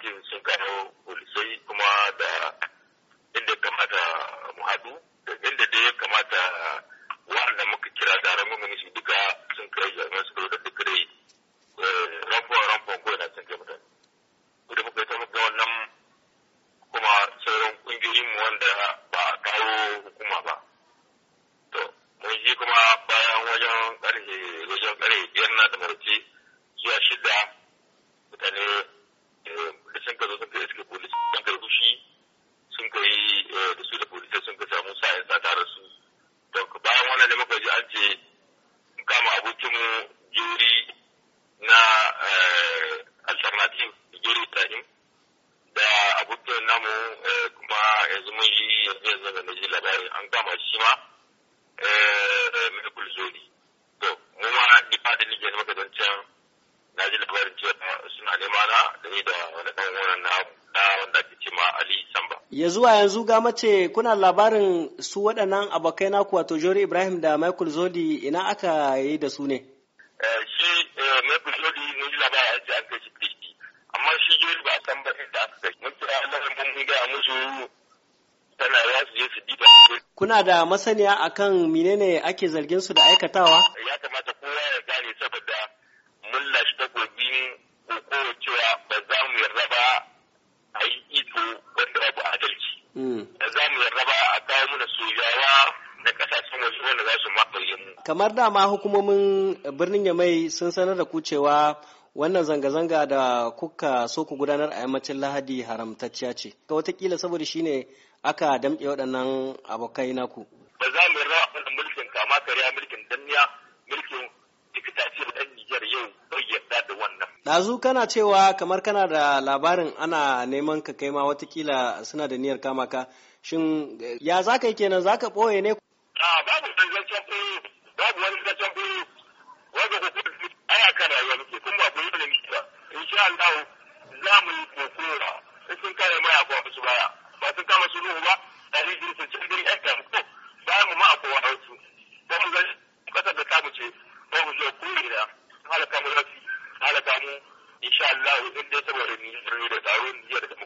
Abdul Sugaro daga da labarin an gama shi ma eh, eh, medical zone to mu ma ni ba da nige maka don can na ji labarin cewa suna nema na da ni da wani ɗan wurin na da wanda ake ce ma Ali Samba ya zuwa yanzu ga mace kuna labarin su waɗannan abokai na naku wato Jori Ibrahim da Michael Zodi ina aka yi da su ne? Eh, shi Michael Zodi ne labarin ake an kai shi amma shi Jori ba a san ba inda aka kai. Mun kira Allah mun gaya musu tana ya su je su diba. Kuna da masaniya akan menene ake zargin su da aikatawa? Ya kamata kowa ya gane saboda mun lashe gobi ko cewa ba za mu yarda ba a yi iko wanda babu adalci. Hmm. kamar dama hukumomin birnin yamai sun sanar da ku cewa wannan zanga-zanga da kuka so ku gudanar a yammacin lahadi haramtacciya ce ga watakila saboda shi ne aka damƙe waɗannan abokai naku ba za mu rawa wannan mulkin kama kariya mulkin danniya mulkin tikita da ɗan nijar yau bai yarda da wannan ɗazu kana cewa kamar kana da labarin ana neman ka kai ma watakila suna da niyyar kama ka shin eh, ya za ka yi kenan za ka ɓoye ne a babu abin jiya